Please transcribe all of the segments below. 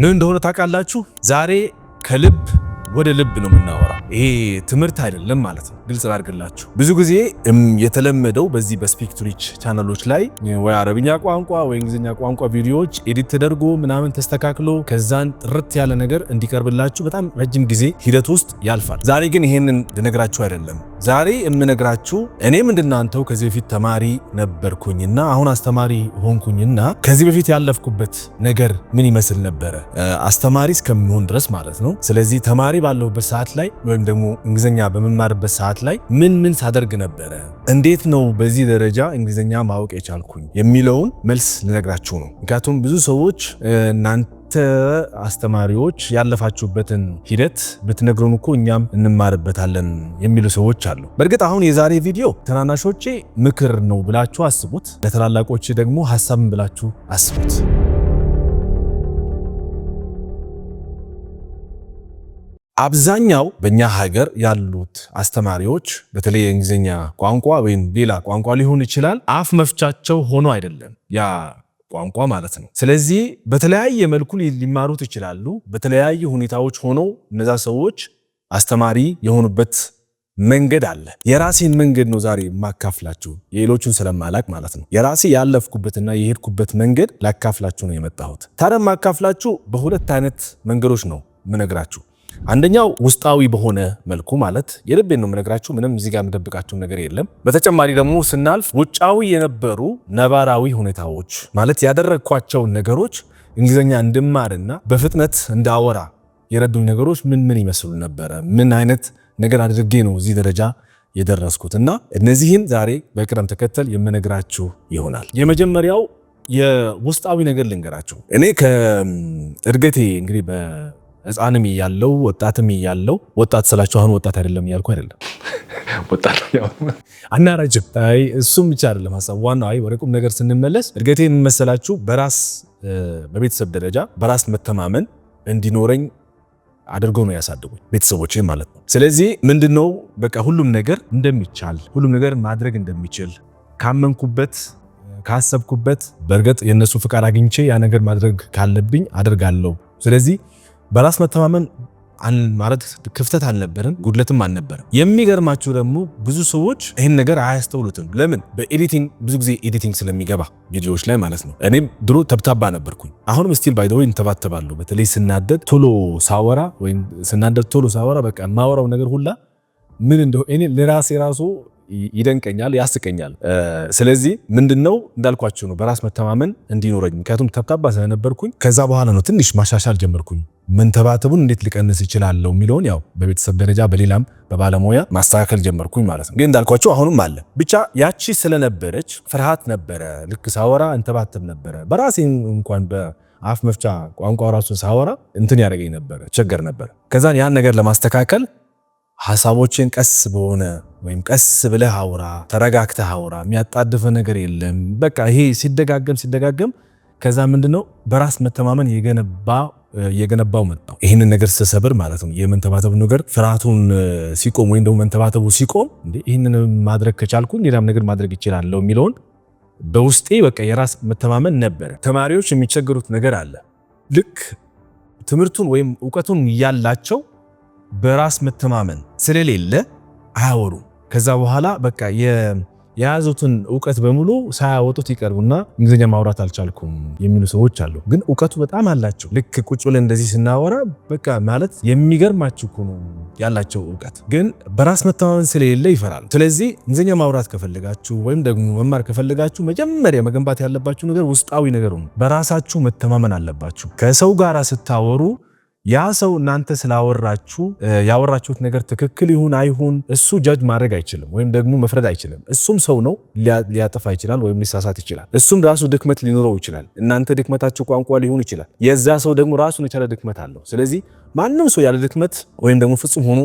ምን እንደሆነ ታውቃላችሁ? ዛሬ ከልብ ወደ ልብ ነው የምናወራው። ይሄ ትምህርት አይደለም ማለት ነው፣ ግልጽ ላድርግላችሁ። ብዙ ጊዜ የተለመደው በዚህ በስፒክ ቱ ሪች ቻናሎች ላይ ወይ አረብኛ ቋንቋ ወይ እንግሊዝኛ ቋንቋ ቪዲዮዎች ኤዲት ተደርጎ ምናምን ተስተካክሎ ከዛን ጥርት ያለ ነገር እንዲቀርብላችሁ በጣም ረጅም ጊዜ ሂደት ውስጥ ያልፋል። ዛሬ ግን ይሄንን ልነግራችሁ አይደለም ዛሬ የምነግራችሁ እኔም እንድናንተው ከዚህ በፊት ተማሪ ነበርኩኝና አሁን አስተማሪ ሆንኩኝና ከዚህ በፊት ያለፍኩበት ነገር ምን ይመስል ነበረ፣ አስተማሪ እስከሚሆን ድረስ ማለት ነው። ስለዚህ ተማሪ ባለሁበት ሰዓት ላይ ወይም ደግሞ እንግሊዝኛ በመማርበት ሰዓት ላይ ምን ምን ሳደርግ ነበረ፣ እንዴት ነው በዚህ ደረጃ እንግሊዝኛ ማወቅ የቻልኩኝ የሚለውን መልስ ልነግራችሁ ነው። ምክንያቱም ብዙ ሰዎች እናንተ አስተማሪዎች ያለፋችሁበትን ሂደት ብትነግሩን እኮ እኛም እንማርበታለን የሚሉ ሰዎች አሉ። በእርግጥ አሁን የዛሬ ቪዲዮ ትናናሾቼ ምክር ነው ብላችሁ አስቡት፣ ለተላላቆች ደግሞ ሀሳብን ብላችሁ አስቡት። አብዛኛው በእኛ ሀገር ያሉት አስተማሪዎች በተለይ የእንግሊዝኛ ቋንቋ ወይም ሌላ ቋንቋ ሊሆን ይችላል አፍ መፍቻቸው ሆኖ አይደለም ያ ቋንቋ ማለት ነው። ስለዚህ በተለያየ መልኩ ሊማሩት ይችላሉ። በተለያየ ሁኔታዎች ሆነው እነዛ ሰዎች አስተማሪ የሆኑበት መንገድ አለ። የራሴን መንገድ ነው ዛሬ የማካፍላችሁ የሌሎቹን ስለማላቅ ማለት ነው። የራሴ ያለፍኩበትና የሄድኩበት መንገድ ላካፍላችሁ ነው የመጣሁት። ታዲያ ማካፍላችሁ በሁለት አይነት መንገዶች ነው ምነግራችሁ አንደኛው ውስጣዊ በሆነ መልኩ ማለት የልቤን ነው የምነግራችሁ፣ ምንም እዚህ ጋር የምደብቃችሁ ነገር የለም። በተጨማሪ ደግሞ ስናልፍ ውጫዊ የነበሩ ነባራዊ ሁኔታዎች ማለት ያደረግኳቸውን ነገሮች እንግሊዝኛ እንድማርና በፍጥነት እንዳወራ የረዱኝ ነገሮች ምን ምን ይመስሉ ነበረ? ምን አይነት ነገር አድርጌ ነው እዚህ ደረጃ የደረስኩት? እና እነዚህን ዛሬ በቅደም ተከተል የምነግራችሁ ይሆናል። የመጀመሪያው የውስጣዊ ነገር ልንገራችሁ። እኔ ከእድገቴ እንግዲህ ህፃንም ያለው ወጣትም ያለው ወጣት ስላቸው አሁን ወጣት አይደለም እያልኩ አይደለም። አናራጅም። አይ እሱም ብቻ አይደለም ሀሳብ ዋና አይ ወደ ቁም ነገር ስንመለስ እድገቴ የምመሰላችሁ በራስ በቤተሰብ ደረጃ በራስ መተማመን እንዲኖረኝ አድርጎ ነው ያሳደጉኝ ቤተሰቦች ማለት ነው። ስለዚህ ምንድነው በቃ ሁሉም ነገር እንደሚቻል ሁሉም ነገር ማድረግ እንደሚችል ካመንኩበት ካሰብኩበት በእርግጥ የእነሱ ፍቃድ አግኝቼ ያ ነገር ማድረግ ካለብኝ አድርጋለሁ። ስለዚህ በራስ መተማመን ማለት ክፍተት አልነበርም ጉድለትም አልነበረም። የሚገርማችሁ ደግሞ ብዙ ሰዎች ይህን ነገር አያስተውሉትም። ለምን? በኤዲቲንግ ብዙ ጊዜ ኤዲቲንግ ስለሚገባ ቪዲዮዎች ላይ ማለት ነው። እኔም ድሮ ተብታባ ነበርኩኝ። አሁንም ስቲል ባይደ እንተባተባለሁ። በተለይ ስናደድ ቶሎ ሳወራ ወይም ስናደድ ቶሎ ሳወራ በቃ የማወራው ነገር ሁላ ምን እንደሆነ እኔ ለራሴ ራሱ ይደንቀኛል፣ ያስቀኛል። ስለዚህ ምንድነው እንዳልኳቸው ነው በራስ መተማመን እንዲኖረኝ። ምክንያቱም ተብታባ ስለነበርኩኝ ከዛ በኋላ ነው ትንሽ ማሻሻል ጀመርኩኝ መንተባተቡን እንዴት ሊቀንስ ይችላለሁ የሚለውን ያው በቤተሰብ ደረጃ በሌላም በባለሙያ ማስተካከል ጀመርኩኝ ማለት ነው። ግን እንዳልኳቸው አሁንም አለ። ብቻ ያቺ ስለነበረች ፍርሃት ነበረ። ልክ ሳወራ እንተባተብ ነበረ። በራሴ እንኳን በአፍ መፍቻ ቋንቋ ራሱን ሳወራ እንትን ያደረገኝ ነበረ፣ ቸገር ነበረ። ከዛን ያን ነገር ለማስተካከል ሀሳቦችን ቀስ በሆነ ወይም ቀስ ብለህ አውራ፣ ተረጋግተህ አውራ፣ የሚያጣድፈ ነገር የለም። በቃ ይሄ ሲደጋገም ሲደጋገም ከዛ ምንድነው በራስ መተማመን የገነባ እየገነባው መጣው። ይህንን ነገር ስሰብር ማለት ነው የመንተባተቡ ነገር ፍርሃቱን ሲቆም ወይም ደግሞ መንተባተቡ ሲቆም ይህንን ማድረግ ከቻልኩ ሌላም ነገር ማድረግ ይችላለሁ የሚለውን በውስጤ በቃ የራስ መተማመን ነበረ። ተማሪዎች የሚቸገሩት ነገር አለ። ልክ ትምህርቱን ወይም እውቀቱን እያላቸው በራስ መተማመን ስለሌለ አያወሩም። ከዛ በኋላ በቃ የያዙትን እውቀት በሙሉ ሳያወጡት ይቀርቡና እንግሊዝኛ ማውራት አልቻልኩም የሚሉ ሰዎች አሉ። ግን እውቀቱ በጣም አላቸው። ልክ ቁጭ ብለን እንደዚህ ስናወራ በቃ ማለት የሚገርማችሁ እኮ ነው ያላቸው እውቀት። ግን በራስ መተማመን ስለሌለ ይፈራሉ። ስለዚህ እንግሊዝኛ ማውራት ከፈልጋችሁ ወይም ደግሞ መማር ከፈልጋችሁ መጀመሪያ መገንባት ያለባችሁ ነገር ውስጣዊ ነገሩ በራሳችሁ መተማመን አለባችሁ። ከሰው ጋር ስታወሩ ያ ሰው እናንተ ስላወራችሁ ያወራችሁት ነገር ትክክል ይሁን አይሁን እሱ ጃጅ ማድረግ አይችልም፣ ወይም ደግሞ መፍረድ አይችልም። እሱም ሰው ነው፣ ሊያጠፋ ይችላል ወይም ሊሳሳት ይችላል። እሱም ራሱ ድክመት ሊኖረው ይችላል። እናንተ ድክመታችሁ ቋንቋ ሊሆን ይችላል። የዛ ሰው ደግሞ ራሱን የቻለ ድክመት አለው። ስለዚህ ማንም ሰው ያለ ድክመት ወይም ደግሞ ፍጹም ሆኖ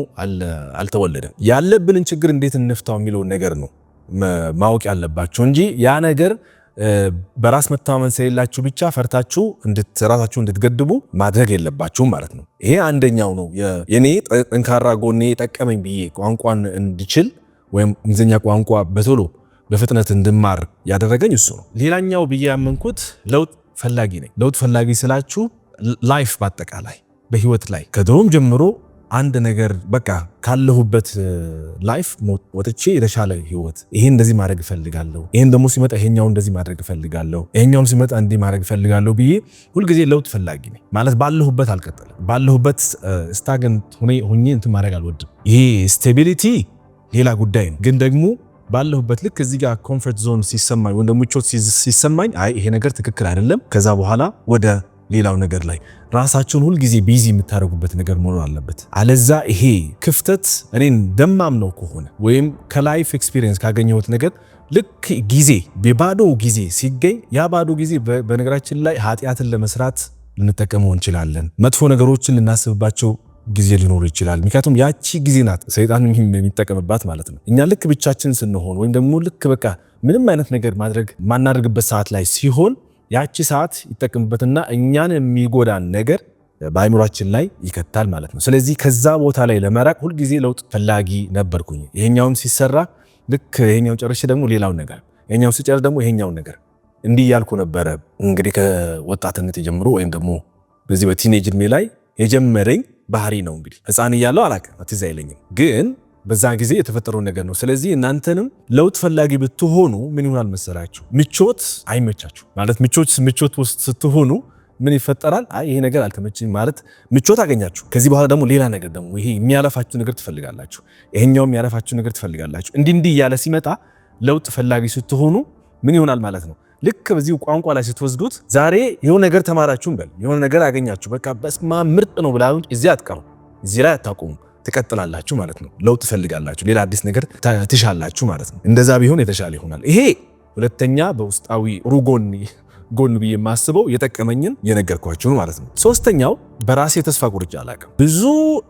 አልተወለደም። ያለብንን ችግር እንዴት እንፍታው የሚለውን ነገር ነው ማወቅ ያለባቸው እንጂ ያ ነገር በራስ መተማመን ስለሌላችሁ ብቻ ፈርታችሁ ራሳችሁ እንድትገድቡ ማድረግ የለባችሁም ማለት ነው። ይሄ አንደኛው ነው። የኔ ጠንካራ ጎኔ ጠቀመኝ ብዬ ቋንቋን እንድችል ወይም እንግሊዝኛ ቋንቋ በቶሎ በፍጥነት እንድማር ያደረገኝ እሱ ነው። ሌላኛው ብዬ ያመንኩት ለውጥ ፈላጊ ነኝ። ለውጥ ፈላጊ ስላችሁ ላይፍ በአጠቃላይ በህይወት ላይ ከድሮም ጀምሮ አንድ ነገር በቃ ካለሁበት ላይፍ ወጥቼ የተሻለ ህይወት ይሄ እንደዚህ ማድረግ እፈልጋለሁ፣ ይሄን ደግሞ ሲመጣ ይሄኛው እንደዚህ ማድረግ እፈልጋለሁ፣ ይሄኛውም ሲመጣ እንዲህ ማድረግ እፈልጋለሁ ብዬ ሁልጊዜ ለውጥ ፈላጊ ነኝ። ማለት ባለሁበት አልቀጠልም፣ ባለሁበት ስታግናንት ሁኜ እንትን ማድረግ አልወድም። ይሄ ስቴቢሊቲ ሌላ ጉዳይ ነው። ግን ደግሞ ባለሁበት ልክ እዚህ ጋር ኮምፈርት ዞን ሲሰማኝ ወይም ደግሞ ምቾት ሲሰማኝ አይ ይሄ ነገር ትክክል አይደለም፣ ከዛ በኋላ ወደ ሌላው ነገር ላይ ራሳቸውን ሁልጊዜ ቢዚ የምታደርጉበት ነገር መኖር አለበት። አለዛ ይሄ ክፍተት እኔን ደማም ነው ከሆነ ወይም ከላይፍ ኤክስፒሪየንስ ካገኘሁት ነገር ልክ ጊዜ የባዶ ጊዜ ሲገኝ ያ ባዶ ጊዜ በነገራችን ላይ ኃጢአትን ለመስራት ልንጠቀመው እንችላለን። መጥፎ ነገሮችን ልናስብባቸው ጊዜ ሊኖር ይችላል። ምክንያቱም ያቺ ጊዜ ናት ሰይጣን የሚጠቀምባት ማለት ነው። እኛ ልክ ብቻችን ስንሆን ወይም ደግሞ ልክ በቃ ምንም አይነት ነገር ማድረግ ማናደርግበት ሰዓት ላይ ሲሆን ያቺ ሰዓት ይጠቅምበትና እኛን የሚጎዳን ነገር በአይምሯችን ላይ ይከታል ማለት ነው። ስለዚህ ከዛ ቦታ ላይ ለመራቅ ሁልጊዜ ለውጥ ፈላጊ ነበርኩኝ። ይሄኛውም ሲሰራ ልክ ይሄኛው ጨርሼ ደግሞ ሌላው ነገር፣ ይሄኛው ሲጨርስ ደግሞ ይሄኛው ነገር እንዲህ እያልኩ ነበረ። እንግዲህ ከወጣትነት ጀምሮ ወይም ደግሞ በዚህ በቲኔጅ እድሜ ላይ የጀመረኝ ባህሪ ነው። እንግዲህ ህፃን እያለው አላውቅም፣ ትዝ አይለኝም ግን በዛ ጊዜ የተፈጠረው ነገር ነው። ስለዚህ እናንተንም ለውጥ ፈላጊ ብትሆኑ ምን ይሆናል መሰላችሁ? ምቾት አይመቻችሁ ማለት ምቾት ምቾት ውስጥ ስትሆኑ ምን ይፈጠራል? ይሄ ነገር አልተመቸኝ ማለት ምቾት አገኛችሁ። ከዚህ በኋላ ደግሞ ሌላ ነገር ደግሞ ይሄ የሚያለፋችሁ ነገር ትፈልጋላችሁ፣ ይሄኛው የሚያለፋችሁ ነገር ትፈልጋላችሁ። እንዲህ እንዲህ እያለ ሲመጣ ለውጥ ፈላጊ ስትሆኑ ምን ይሆናል ማለት ነው። ልክ በዚህ ቋንቋ ላይ ስትወስዱት ዛሬ የሆነ ነገር ተማራችሁ በል የሆነ ነገር አገኛችሁ በቃ በስማ ምርጥ ነው ብላ እዚህ አትቀሩ፣ እዚህ ላይ አታቆሙ። ትቀጥላላችሁ ማለት ነው። ለውጥ ትፈልጋላችሁ፣ ሌላ አዲስ ነገር ትሻላችሁ ማለት ነው። እንደዛ ቢሆን የተሻለ ይሆናል። ይሄ ሁለተኛ በውስጣዊ ሩጎን ጎን ብዬ የማስበው የጠቀመኝን የነገርኳችሁን ማለት ነው። ሶስተኛው በራሴ ተስፋ ቁርጫ አላውቅም። ብዙ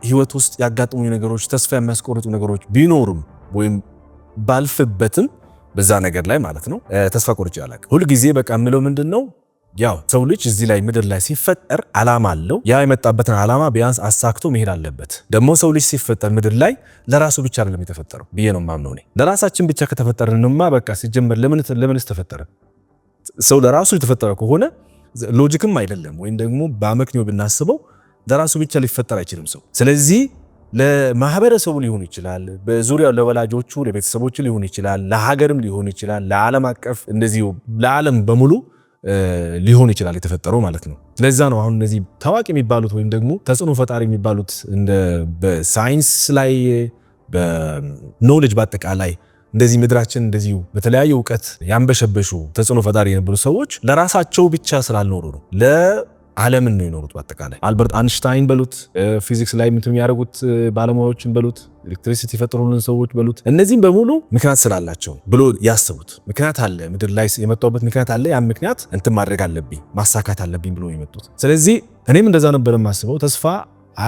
ህይወት ውስጥ ያጋጥሙ ነገሮች፣ ተስፋ የሚያስቆርጡ ነገሮች ቢኖሩም ወይም ባልፍበትም በዛ ነገር ላይ ማለት ነው ተስፋ ቆርጬ አላውቅም። ሁልጊዜ በቃ የምለው ምንድን ነው ያው ሰው ልጅ እዚህ ላይ ምድር ላይ ሲፈጠር ዓላማ አለው። ያ የመጣበትን ዓላማ ቢያንስ አሳክቶ መሄድ አለበት። ደግሞ ሰው ልጅ ሲፈጠር ምድር ላይ ለራሱ ብቻ አይደለም የተፈጠረው ብዬ ነው የማምነው እኔ። ለራሳችን ብቻ ከተፈጠርንማ በቃ ሲጀመር ለምንስ ተፈጠረ? ሰው ለራሱ የተፈጠረ ከሆነ ሎጂክም አይደለም ወይም ደግሞ በአመክንዮ ብናስበው ለራሱ ብቻ ሊፈጠር አይችልም ሰው። ስለዚህ ለማህበረሰቡ ሊሆን ይችላል፣ በዙሪያው ለወላጆቹ ለቤተሰቦቹ ሊሆን ይችላል፣ ለሀገርም ሊሆን ይችላል፣ ለዓለም አቀፍ እንደዚሁ ለዓለም በሙሉ ሊሆን ይችላል የተፈጠረው ማለት ነው። ለዛ ነው አሁን እነዚህ ታዋቂ የሚባሉት ወይም ደግሞ ተጽዕኖ ፈጣሪ የሚባሉት እንደ በሳይንስ ላይ በኖሌጅ በአጠቃላይ እንደዚህ ምድራችን እንደዚሁ በተለያየ እውቀት ያንበሸበሹ ተጽዕኖ ፈጣሪ የነበሩ ሰዎች ለራሳቸው ብቻ ስላልኖሩ ነው ዓለምን ነው የኖሩት። በአጠቃላይ አልበርት አንሽታይን በሉት ፊዚክስ ላይ ምትም ያደረጉት ባለሙያዎችን በሉት ኤሌክትሪሲቲ የፈጠሩልን ሰዎች በሉት እነዚህም በሙሉ ምክንያት ስላላቸው ብሎ ያሰቡት ምክንያት አለ። ምድር ላይ የመጣሁበት ምክንያት አለ። ያን ምክንያት እንትን ማድረግ አለብኝ ማሳካት አለብኝ ብሎ የመጡት ስለዚህ እኔም እንደዛ ነበር የማስበው። ተስፋ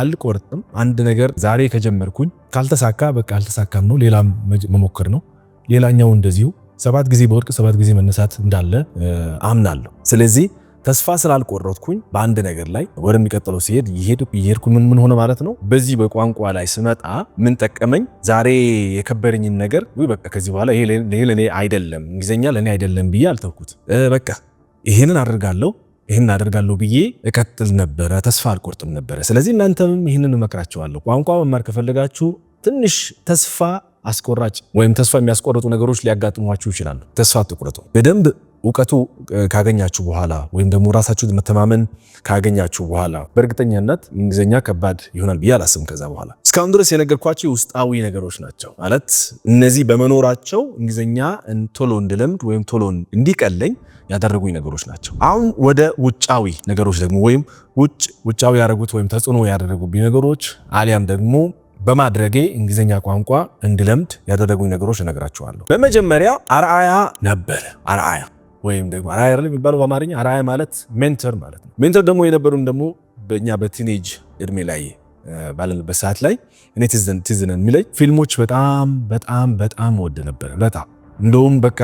አልቆርጥም። አንድ ነገር ዛሬ ከጀመርኩኝ ካልተሳካ በቃ አልተሳካም ነው፣ ሌላ መሞከር ነው። ሌላኛው እንደዚሁ ሰባት ጊዜ በወርቅ ሰባት ጊዜ መነሳት እንዳለ አምናለሁ። ስለዚህ ተስፋ ስላልቆረጥኩኝ በአንድ ነገር ላይ ወደሚቀጥለው ሲሄድ ይሄድኩ ምን ምን ሆነ ማለት ነው። በዚህ በቋንቋ ላይ ስመጣ ምን ጠቀመኝ? ዛሬ የከበረኝን ነገር ወይ በቃ ከዚህ በኋላ ይሄ ለኔ አይደለም፣ እንግሊዝኛ ለኔ አይደለም ብዬ አልተውኩት። በቃ ይሄንን አድርጋለሁ ይህን አደርጋለሁ ብዬ እቀጥል ነበረ። ተስፋ አልቆርጥም ነበረ። ስለዚህ እናንተም ይህንን እመክራችኋለሁ። ቋንቋ መማር ከፈለጋችሁ ትንሽ ተስፋ አስቆራጭ ወይም ተስፋ የሚያስቆርጡ ነገሮች ሊያጋጥሟችሁ ይችላሉ። ተስፋ አትቁረጡ። በደንብ እውቀቱ ካገኛችሁ በኋላ ወይም ደግሞ ራሳችሁ መተማመን ካገኛችሁ በኋላ በእርግጠኛነት እንግሊዝኛ ከባድ ይሆናል ብዬ አላስብም። ከዛ በኋላ እስካሁን ድረስ የነገርኳቸው ውስጣዊ ነገሮች ናቸው ማለት እነዚህ በመኖራቸው እንግሊዝኛ ቶሎ እንድለምድ ወይም ቶሎ እንዲቀለኝ ያደረጉኝ ነገሮች ናቸው። አሁን ወደ ውጫዊ ነገሮች ደግሞ ወይም ውጭ ውጫዊ ያደረጉት ወይም ተጽዕኖ ያደረጉብኝ ነገሮች አሊያም ደግሞ በማድረጌ እንግሊዝኛ ቋንቋ እንድለምድ ያደረጉኝ ነገሮች እነግራችኋለሁ። በመጀመሪያ አርአያ ነበር። አርአያ ወይም ደግሞ አራያ የሚባለው በአማርኛ አራያ ማለት ሜንተር ማለት ነው። ሜንተር ደግሞ የነበሩን ደግሞ በእኛ በቲኔጅ እድሜ ላይ ባለንበት ሰዓት ላይ እኔ ትዝነን የሚለኝ ፊልሞች በጣም በጣም በጣም ወደ ነበረ። በጣም እንደውም በቃ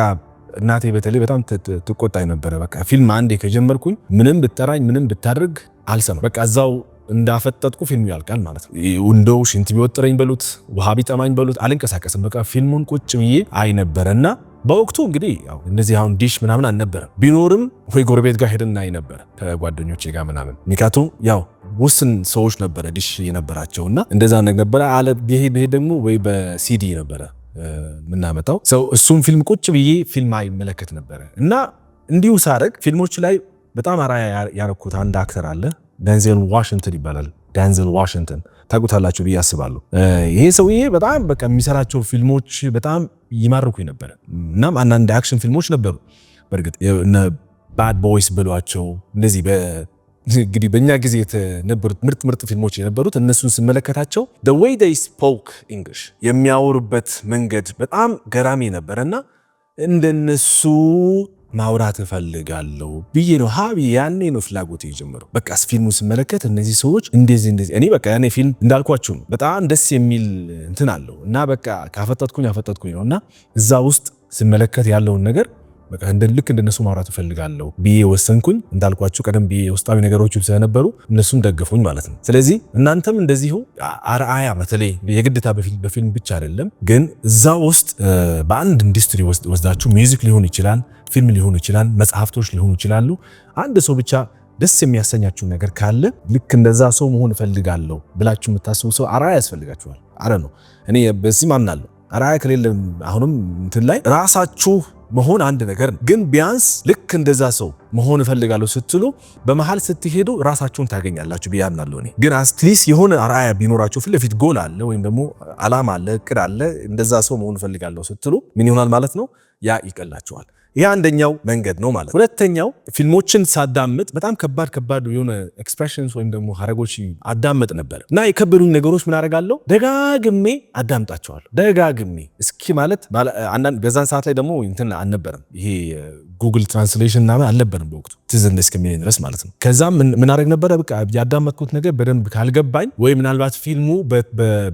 እናቴ በተለይ በጣም ትቆጣኝ ነበረ። በቃ ፊልም አንዴ ከጀመርኩኝ ምንም ብጠራኝ ምንም ብታደርግ አልሰማም። በቃ እዛው እንዳፈጠጥኩ ፊልሙ ያልቃል ማለት ነው። እንደው ሽንት ቢወጥረኝ በሉት ውሃ ቢጠማኝ በሉት አልንቀሳቀስም። በቃ ፊልሙን ቁጭ ብዬ አይ ነበረ እና በወቅቱ እንግዲህ ያው እነዚህ አሁን ዲሽ ምናምን አልነበረም። ቢኖርም ወይ ጎረቤት ጋር ሄደን እናይ ነበር ከጓደኞቼ ጋር ምናምን። ምክንያቱም ያው ውስን ሰዎች ነበረ ዲሽ የነበራቸው እና እንደዛ ነበረ አለ ብሄድ ደግሞ ወይ በሲዲ ነበረ የምናመጣው ሰው እሱም ፊልም ቁጭ ብዬ ፊልም አይመለከት ነበረ እና እንዲሁ ሳረግ ፊልሞች ላይ በጣም አራ ያረኩት አንድ አክተር አለ ደንዘል ዋሽንግተን ይባላል። ደንዘል ዋሽንግተን ታውቁታላችሁ ብዬ አስባለሁ። ይሄ ሰውዬ በጣም በቃ የሚሰራቸው ፊልሞች በጣም ይማርኩኝ ነበረ። እናም አንዳንድ አክሽን ፊልሞች ነበሩ። በእርግጥ ባድ ቦይስ ብሏቸው እንደዚህ እንግዲህ በእኛ ጊዜ የተነበሩት ምርጥ ምርጥ ፊልሞች የነበሩት እነሱን ስመለከታቸው the way they የሚያወሩበት መንገድ በጣም ገራሚ ነበረ እና እንደነሱ ማውራት እፈልጋለሁ ብዬ ነው ሀቢ ያኔ ነው ፍላጎት የጀመረው። በቃ ፊልሙ ስመለከት እነዚህ ሰዎች እንደዚህ እንደዚህ እኔ በቃ ያኔ ፊልም እንዳልኳችሁ ነው በጣም ደስ የሚል እንትን አለው እና በቃ ካፈጠጥኩኝ አፈጠጥኩኝ ነው እና እዛ ውስጥ ስመለከት ያለውን ነገር በቃ እንደ ልክ እንደነሱ ማውራት እፈልጋለሁ ብዬ ወሰንኩኝ። እንዳልኳችሁ ቀደም ብዬ ውስጣዊ ነገሮች ስለነበሩ እነሱም ደገፉኝ ማለት ነው። ስለዚህ እናንተም እንደዚሁ አርአያ በተለይ የግድታ በፊልም ብቻ አይደለም፣ ግን እዛ ውስጥ በአንድ ኢንዱስትሪ ወስዳችሁ ሚውዚክ ሊሆን ይችላል ፊልም ሊሆኑ ይችላል፣ መጽሐፍቶች ሊሆኑ ይችላሉ። አንድ ሰው ብቻ ደስ የሚያሰኛችሁ ነገር ካለ ልክ እንደዛ ሰው መሆን እፈልጋለሁ ብላችሁ የምታስቡ ሰው አራ ያስፈልጋችኋል። አረ ነው እኔ በዚህ ማምናለሁ። አርአያ ከሌለ አሁንም እንትን ላይ ራሳችሁ መሆን አንድ ነገር ነው። ግን ቢያንስ ልክ እንደዛ ሰው መሆን እፈልጋለሁ ስትሉ በመሃል ስትሄዱ ራሳችሁን ታገኛላችሁ ብዬ አምናለሁ። እኔ ግን አትሊስት የሆነ አርአያ ቢኖራችሁ ፊት ለፊት ጎል አለ ወይም ደግሞ አላማ አለ፣ እቅድ አለ። እንደዛ ሰው መሆን እፈልጋለሁ ስትሉ ምን ይሆናል ማለት ነው? ያ ይቀላችኋል። ይህ አንደኛው መንገድ ነው ማለት። ሁለተኛው ፊልሞችን ሳዳምጥ በጣም ከባድ ከባድ የሆነ ኤክስፕሬሽንስ ወይም ደግሞ ሀረጎች አዳምጥ ነበር እና የከበዱኝ ነገሮች ምን አደርጋለሁ ደጋግሜ አዳምጣቸዋለሁ። ደጋግሜ እስኪ ማለት በዛን ሰዓት ላይ ደግሞ እንትን አልነበረም ይሄ ጉግል ትራንስሌሽን ምናምን አልነበረም በወቅቱ ትዝ እስከሚለኝ ድረስ ማለት ነው። ከዛ ምን አደርግ ነበረ በቃ ያዳመጥኩት ነገር በደንብ ካልገባኝ ወይ ምናልባት ፊልሙ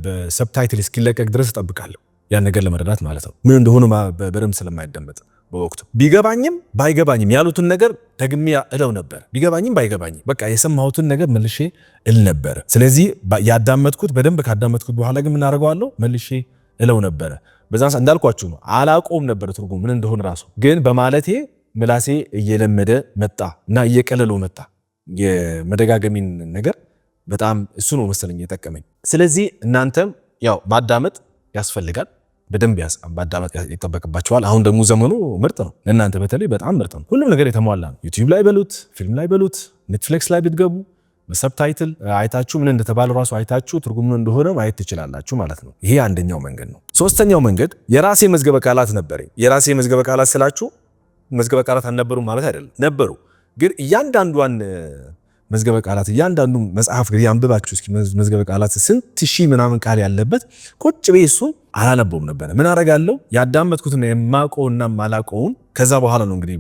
በሰብታይትል እስኪለቀቅ ድረስ እጠብቃለሁ ያን ነገር ለመረዳት ማለት ነው ምን እንደሆኑ በደንብ ስለማይደመጥ በወቅቱ ቢገባኝም ባይገባኝም ያሉትን ነገር ደግሜ እለው ነበር። ቢገባኝም ባይገባኝም በቃ የሰማሁትን ነገር መልሼ እል ነበር። ስለዚህ ያዳመጥኩት በደንብ ካዳመጥኩት በኋላ ግን ምናደርገዋለሁ መልሼ እለው ነበረ። በዛ እንዳልኳችሁ ነው አላቆም ነበር ትርጉም ምን እንደሆን ራሱ። ግን በማለቴ ምላሴ እየለመደ መጣ እና እየቀለለው መጣ የመደጋገሚን ነገር በጣም እሱ ነው መሰለኝ የጠቀመኝ። ስለዚህ እናንተም ያው ማዳመጥ ያስፈልጋል። በደንብ ማዳመጥ ይጠበቅባቸዋል። አሁን ደግሞ ዘመኑ ምርጥ ነው፣ ለእናንተ በተለይ በጣም ምርጥ ነው። ሁሉም ነገር የተሟላ ነው። ዩቲዩብ ላይ በሉት፣ ፊልም ላይ በሉት፣ ኔትፍሊክስ ላይ ብትገቡ በሰብታይትል አይታችሁ ምን እንደተባለ ራሱ አይታችሁ ትርጉም እንደሆነ ማየት ትችላላችሁ ማለት ነው። ይሄ አንደኛው መንገድ ነው። ሶስተኛው መንገድ የራሴ መዝገበ ቃላት ነበረኝ። የራሴ መዝገበ ቃላት ስላችሁ መዝገበ ቃላት አልነበሩም ማለት አይደለም፣ ነበሩ። ግን እያንዳንዷን መዝገበ ቃላት እያንዳንዱ መጽሐፍ እንግዲህ አንብባችሁ እስኪ መዝገበ ቃላት ስንት ሺህ ምናምን ቃል ያለበት ቁጭ ቤ እሱን አላነበውም ነበረ። ምን አረጋለው? ያዳመጥኩትና የማውቀውና ማላውቀውን ከዛ በኋላ ነው እንግዲህ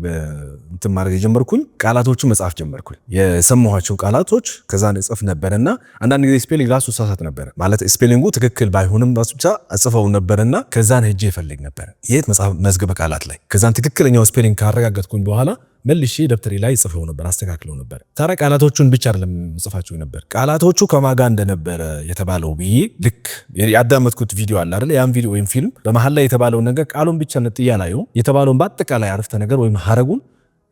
እንትን ማድረግ የጀመርኩኝ ቃላቶቹ መጽሐፍ ጀመርኩኝ። የሰማኋቸው ቃላቶች ከዛ እጽፍ ነበርና አንዳንድ ጊዜ ስፔሊንግ ራሱ እሳሳት ነበረ። ማለት ስፔሊንጉ ትክክል ባይሆንም ራሱ ብቻ እጽፈው ነበርና ከዛን ሄጄ እፈልግ ነበር የት መዝገበ ቃላት ላይ ከዛን ትክክለኛው ስፔሊንግ ካረጋገጥኩኝ በኋላ መልሼ ደብተሬ ላይ ጽፈው ነበር፣ አስተካክለው ነበር። ታዲያ ቃላቶቹን ብቻ አይደለም ጽፋቸው ነበር፣ ቃላቶቹ ከማጋ እንደነበረ የተባለው ብዬ ልክ ያዳመጥኩት ቪዲዮ አለ አይደል? ያን ቪዲዮ ወይም ፊልም በመሀል ላይ የተባለውን ነገር ቃሉን ብቻ ነጥያ ላዩ የተባለውን በአጠቃላይ አረፍተ ነገር ወይም ሀረጉን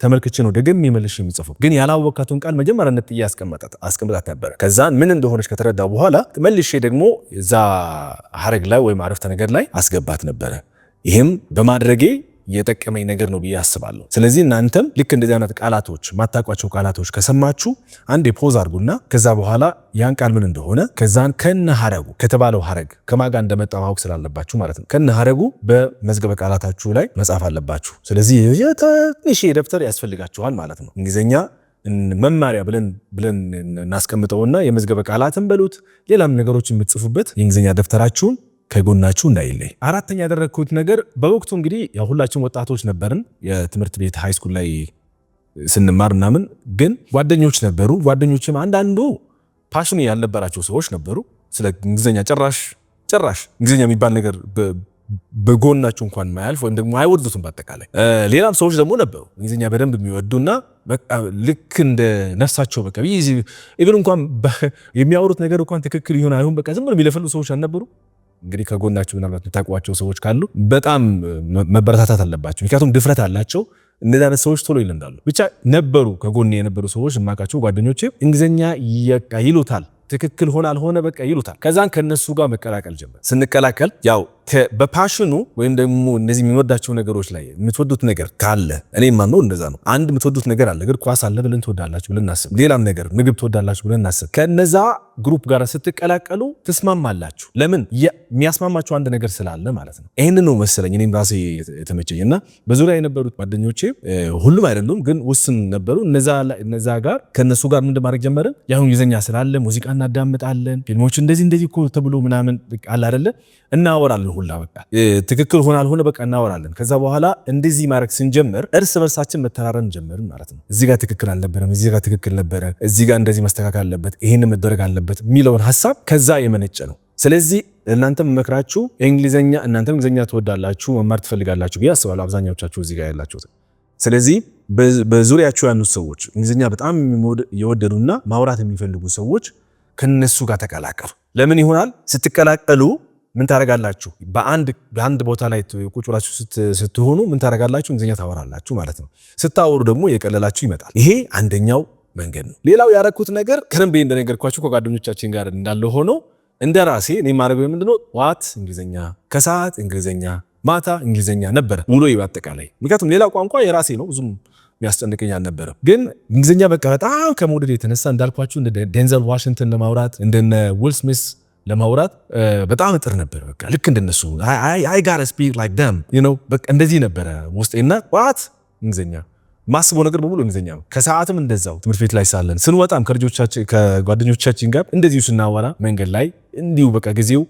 ተመልክቼ ነው ደግም የመልሽ የሚጽፈው። ግን ያላወቃቱን ቃል መጀመሪያ ነጥያ አስቀመጣት አስቀምጣት ነበር። ከዛ ምን እንደሆነች ከተረዳ በኋላ መልሼ ደግሞ እዛ ሀረግ ላይ ወይም አረፍተ ነገር ላይ አስገባት ነበረ። ይህም በማድረጌ የጠቀመኝ ነገር ነው ብዬ አስባለሁ። ስለዚህ እናንተም ልክ እንደዚህ አይነት ቃላቶች ማታቋቸው ቃላቶች ከሰማችሁ አንድ የፖዝ አድርጉና ከዛ በኋላ ያን ቃል ምን እንደሆነ ከዛን ከነ ሀረጉ ከተባለው ሀረግ ከማጋ እንደመጣ ማወቅ ስላለባችሁ ማለት ነው። ከነ ሀረጉ በመዝገበ ቃላታችሁ ላይ መጻፍ አለባችሁ። ስለዚህ ትንሽ ደብተር ያስፈልጋችኋል ማለት ነው። እንግሊዝኛ መማሪያ ብለን ብለን እናስቀምጠውና የመዝገበ ቃላትን በሉት ሌላም ነገሮች የምትጽፉበት የእንግሊዝኛ ደብተራችሁን ከጎናችሁ እንዳይለይ። አራተኛ ያደረግኩት ነገር በወቅቱ እንግዲህ ያው ሁላችን ወጣቶች ነበርን የትምህርት ቤት ሃይስኩል ላይ ስንማር ምናምን፣ ግን ጓደኞች ነበሩ። ጓደኞችም አንዳንዱ ፓሽን ያልነበራቸው ሰዎች ነበሩ። ስለ እንግሊዝኛ ጭራሽ ጭራሽ እንግሊዝኛ የሚባል ነገር በጎናቸው እንኳን ማያልፍ ወይም ደግሞ አይወዱትም። በአጠቃላይ ሌላም ሰዎች ደግሞ ነበሩ እንግሊዝኛ በደንብ የሚወዱና ልክ እንደ ነፍሳቸው በቃ ኢቭን እንኳን የሚያወሩት ነገር እንኳን ትክክል ይሆን አይሁን በቃ ዝም ብሎ ሰዎች አልነበሩ። እንግዲህ ከጎናቸው ምናልባት የምታውቋቸው ሰዎች ካሉ በጣም መበረታታት አለባቸው። ምክንያቱም ድፍረት አላቸው። እነዚህ አይነት ሰዎች ቶሎ ይለምዳሉ። ብቻ ነበሩ ከጎን የነበሩ ሰዎች የማውቃቸው ጓደኞች እንግሊዝኛ ይሉታል፣ ትክክል ሆነ አልሆነ በቃ ይሉታል። ከዛን ከነሱ ጋር መቀላቀል ጀመር። ስንቀላቀል ያው በፓሽኑ ወይም ደግሞ እነዚህ የሚወዳቸው ነገሮች ላይ የምትወዱት ነገር ካለ እኔ ማነው እንደዛ ነው። አንድ የምትወዱት ነገር አለ። እግር ኳስ አለ ብለን ትወዳላችሁ ብለን እናስብ። ሌላም ነገር ምግብ ትወዳላችሁ ብለን እናስብ። ከነዛ ግሩፕ ጋር ስትቀላቀሉ ትስማማላችሁ። ለምን የሚያስማማችሁ አንድ ነገር ስላለ ማለት ነው። ይህን ነው መሰለኝ እኔም ራሴ የተመቸኝ እና በዙሪያ የነበሩት ጓደኞቼ ሁሉም አይደሉም ግን ውስን ነበሩ። እነዛ ጋር ከነሱ ጋር ምንድን ማድረግ ጀመርን? ያሁን ይዘኛ ስላለ ሙዚቃ እናዳምጣለን፣ ፊልሞች እንደዚህ እንደዚህ ተብሎ ምናምን አለ አይደለ እናወራለን ሁላ በቃ ትክክል ሆነ አልሆነ በቃ እናወራለን። ከዛ በኋላ እንደዚህ ማድረግ ስንጀምር እርስ በርሳችን መተራረን ጀመርን ማለት ነው። እዚህ ጋር ትክክል አልነበረም፣ እዚህ ጋር ትክክል ነበረ፣ እዚህ ጋር እንደዚህ መስተካከል አለበት፣ ይህን መደረግ አለበት የሚለውን ሀሳብ ከዛ የመነጨ ነው። ስለዚህ እናንተም መክራችሁ እንግሊዘኛ እናንተ እንግሊዘኛ ትወዳላችሁ መማር ትፈልጋላችሁ ብዬ አስባለሁ፣ አብዛኛዎቻችሁ እዚህ ጋር ያላችሁት። ስለዚህ በዙሪያችሁ ያሉት ሰዎች እንግሊዝኛ በጣም የወደዱና ማውራት የሚፈልጉ ሰዎች ከነሱ ጋር ተቀላቀሉ። ለምን ይሆናል ስትቀላቀሉ ምን ታረጋላችሁ? በአንድ ቦታ ላይ ቁጭ ብላችሁ ስትሆኑ ምን ታረጋላችሁ? እንግሊዝኛ ታወራላችሁ ማለት ነው። ስታወሩ ደግሞ የቀለላችሁ ይመጣል። ይሄ አንደኛው መንገድ ነው። ሌላው ያረኩት ነገር ከረንብ እንደነገርኳችሁ ከጓደኞቻችን ጋር እንዳለ ሆኖ እንደ ራሴ እኔ ማድረገው የምንድነው ጠዋት እንግሊዝኛ፣ ከሰዓት እንግሊዝኛ፣ ማታ እንግሊዝኛ ነበረ ውሎ አጠቃላይ። ምክንያቱም ሌላ ቋንቋ የራሴ ነው ብዙም የሚያስጨንቀኝ አልነበረም። ግን እንግሊዝኛ በቃ በጣም ከመውደድ የተነሳ እንዳልኳችሁ እንደ ዴንዘል ዋሽንግተን ለማውራት እንደነ ዊል ለማውራት በጣም እጥር ነበር። በቃ ልክ እንደነሱ አይ ጋር ስፒክ ላይክ ደም ዩ ኖ በቃ እንደዚህ ነበረ ውስጤና ቋት እንግሊዝኛ ማስበው ነገር በሙሉ እንግሊዝኛ ነው። ከሰዓትም እንደዛው ትምህርት ቤት ላይ ሳለን ስንወጣም ከልጆቻችን ከጓደኞቻችን ጋር እንደዚሁ ስናወራ መንገድ ላይ እንዲሁ በቃ ጊዜው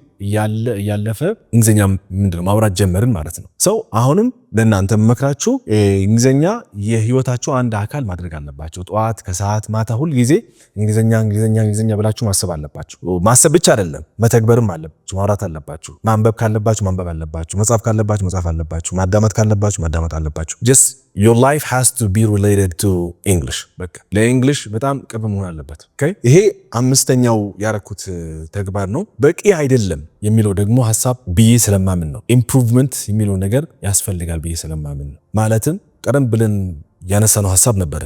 እያለፈ እንግሊዝኛ ምንድነው ማውራት ጀመርን ማለት ነው ሰው አሁንም ለእናንተ መመክራችሁ እንግሊዝኛ የህይወታችሁ አንድ አካል ማድረግ አለባችሁ። ጠዋት፣ ከሰዓት፣ ማታ ሁል ጊዜ እንግሊዝኛ እንግሊዝኛ እንግሊዝኛ ብላችሁ ማሰብ አለባችሁ። ማሰብ ብቻ አይደለም መተግበርም አለባችሁ። ማውራት አለባችሁ። ማንበብ ካለባችሁ ማንበብ አለባችሁ። መጻፍ ካለባችሁ መጻፍ አለባችሁ። ማዳመጥ ካለባችሁ ማዳመጥ አለባችሁ። ጀስት ዮር ላይፍ ሃዝ ቱ ቢ ሪሌትድ ቱ እንግሊሽ። በቃ ለእንግሊሽ በጣም ቅርብ መሆን አለበት። ይሄ አምስተኛው ያረኩት ተግባር ነው። በቂ አይደለም የሚለው ደግሞ ሀሳብ ብዬ ስለማምን ነው። ኢምፕሩቭመንት የሚለው ነገር ያስፈልጋል ብዬ ስለማምን ነው። ማለትም ቀደም ብለን ያነሳነው ሀሳብ ነበረ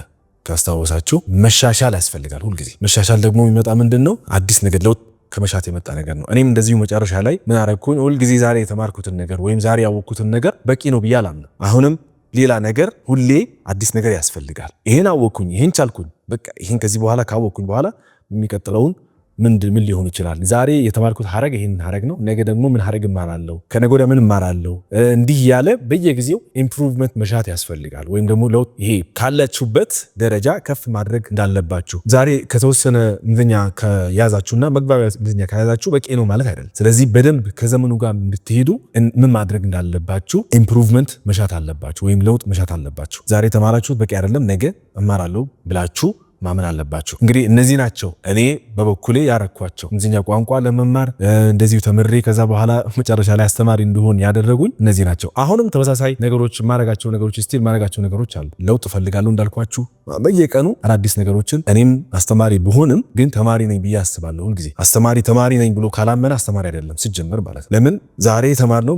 ካስታወሳችሁ መሻሻል ያስፈልጋል። ሁልጊዜ መሻሻል ደግሞ የሚመጣ ምንድን ነው? አዲስ ነገር ለውጥ ከመሻት የመጣ ነገር ነው። እኔም እንደዚሁ መጨረሻ ላይ ምን አረግኩኝ? ሁልጊዜ ዛሬ የተማርኩትን ነገር ወይም ዛሬ ያወቅኩትን ነገር በቂ ነው ብዬ አላምነ አሁንም ሌላ ነገር ሁሌ አዲስ ነገር ያስፈልጋል። ይህን አወቅኩኝ፣ ይህን ቻልኩኝ፣ በቃ ይህን ከዚህ በኋላ ካወቅኩኝ በኋላ የሚቀጥለውን ምንድን ምን ሊሆን ይችላል? ዛሬ የተማርኩት ሀረግ ይህን ሀረግ ነው፣ ነገ ደግሞ ምን ሀረግ እማራለሁ፣ ከነገ ወዲያ ምን እማራለሁ፣ እንዲህ ያለ በየጊዜው ኢምፕሩቭመንት መሻት ያስፈልጋል። ወይም ደግሞ ለውጥ ይሄ ካላችሁበት ደረጃ ከፍ ማድረግ እንዳለባችሁ ዛሬ ከተወሰነ እንግሊዝኛ ከያዛችሁና መግባቢያ እንግሊዝኛ ከያዛችሁ በቂ ነው ማለት አይደለም። ስለዚህ በደንብ ከዘመኑ ጋር እንድትሄዱ ምን ማድረግ እንዳለባችሁ ኢምፕሩቭመንት መሻት አለባችሁ፣ ወይም ለውጥ መሻት አለባችሁ። ዛሬ የተማራችሁት በቂ አይደለም፣ ነገ እማራለሁ ብላችሁ ማመን አለባቸው። እንግዲህ እነዚህ ናቸው እኔ በበኩሌ ያረኳቸው እንግሊዝኛ ቋንቋ ለመማር እንደዚሁ ተምሬ ከዛ በኋላ መጨረሻ ላይ አስተማሪ እንድሆን ያደረጉኝ እነዚህ ናቸው። አሁንም ተመሳሳይ ነገሮች ማረጋቸው ነገሮች ስቲል ማረጋቸው ነገሮች አሉ። ለውጥ እፈልጋለሁ እንዳልኳችሁ በየቀኑ አዳዲስ ነገሮችን እኔም አስተማሪ ብሆንም ግን ተማሪ ነኝ ብዬ አስባለሁ። ሁልጊዜ አስተማሪ ተማሪ ነኝ ብሎ ካላመነ አስተማሪ አይደለም ሲጀመር ማለት ነው። ለምን ዛሬ የተማርነው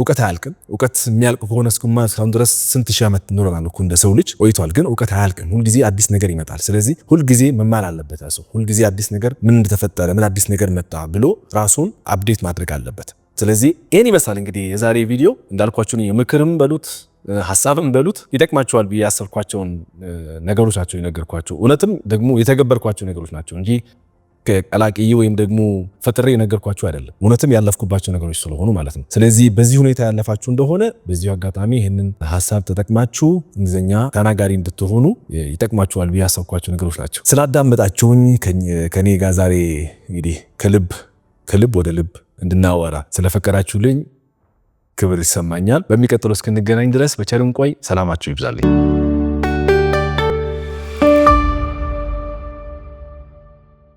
እውቀት አያልቅም። እውቀት የሚያልቅ ከሆነ እስኩማ እስካሁን ድረስ ስንት ሺህ ዓመት እንኖረናል እኮ እንደ ሰው ልጅ ቆይቷል። ግን እውቀት አያልቅም። ሁልጊዜ አዲስ ነገር ይመጣል። ስለዚህ ሁልጊዜ መማር አለበት ሰው። ሁልጊዜ አዲስ ነገር ምን እንደተፈጠረ ምን አዲስ ነገር መጣ ብሎ ራሱን አፕዴት ማድረግ አለበት። ስለዚህ ይህን ይመስላል እንግዲህ የዛሬ ቪዲዮ እንዳልኳችሁን የምክርም በሉት ሀሳብም በሉት ይጠቅማቸዋል ብዬ ያሰብኳቸውን ነገሮች ናቸው የነገርኳቸው። እውነትም ደግሞ የተገበርኳቸው ነገሮች ናቸው እንጂ ቀላቅዬ ወይም ደግሞ ፈጥሬ የነገርኳችሁ አይደለም፣ እውነትም ያለፍኩባቸው ነገሮች ስለሆኑ ማለት ነው። ስለዚህ በዚህ ሁኔታ ያለፋችሁ እንደሆነ በዚሁ አጋጣሚ ይህንን ሀሳብ ተጠቅማችሁ እንግሊዝኛ ተናጋሪ እንድትሆኑ ይጠቅማችኋል ብዬ ያሰብኳቸው ነገሮች ናቸው። ስላዳመጣችሁኝ ከኔ ጋር ዛሬ እንግዲህ ከልብ ከልብ ወደ ልብ እንድናወራ ስለፈቀዳችሁልኝ ክብር ይሰማኛል። በሚቀጥለው እስክንገናኝ ድረስ በቸርም ቆይ። ሰላማችሁ ይብዛልኝ።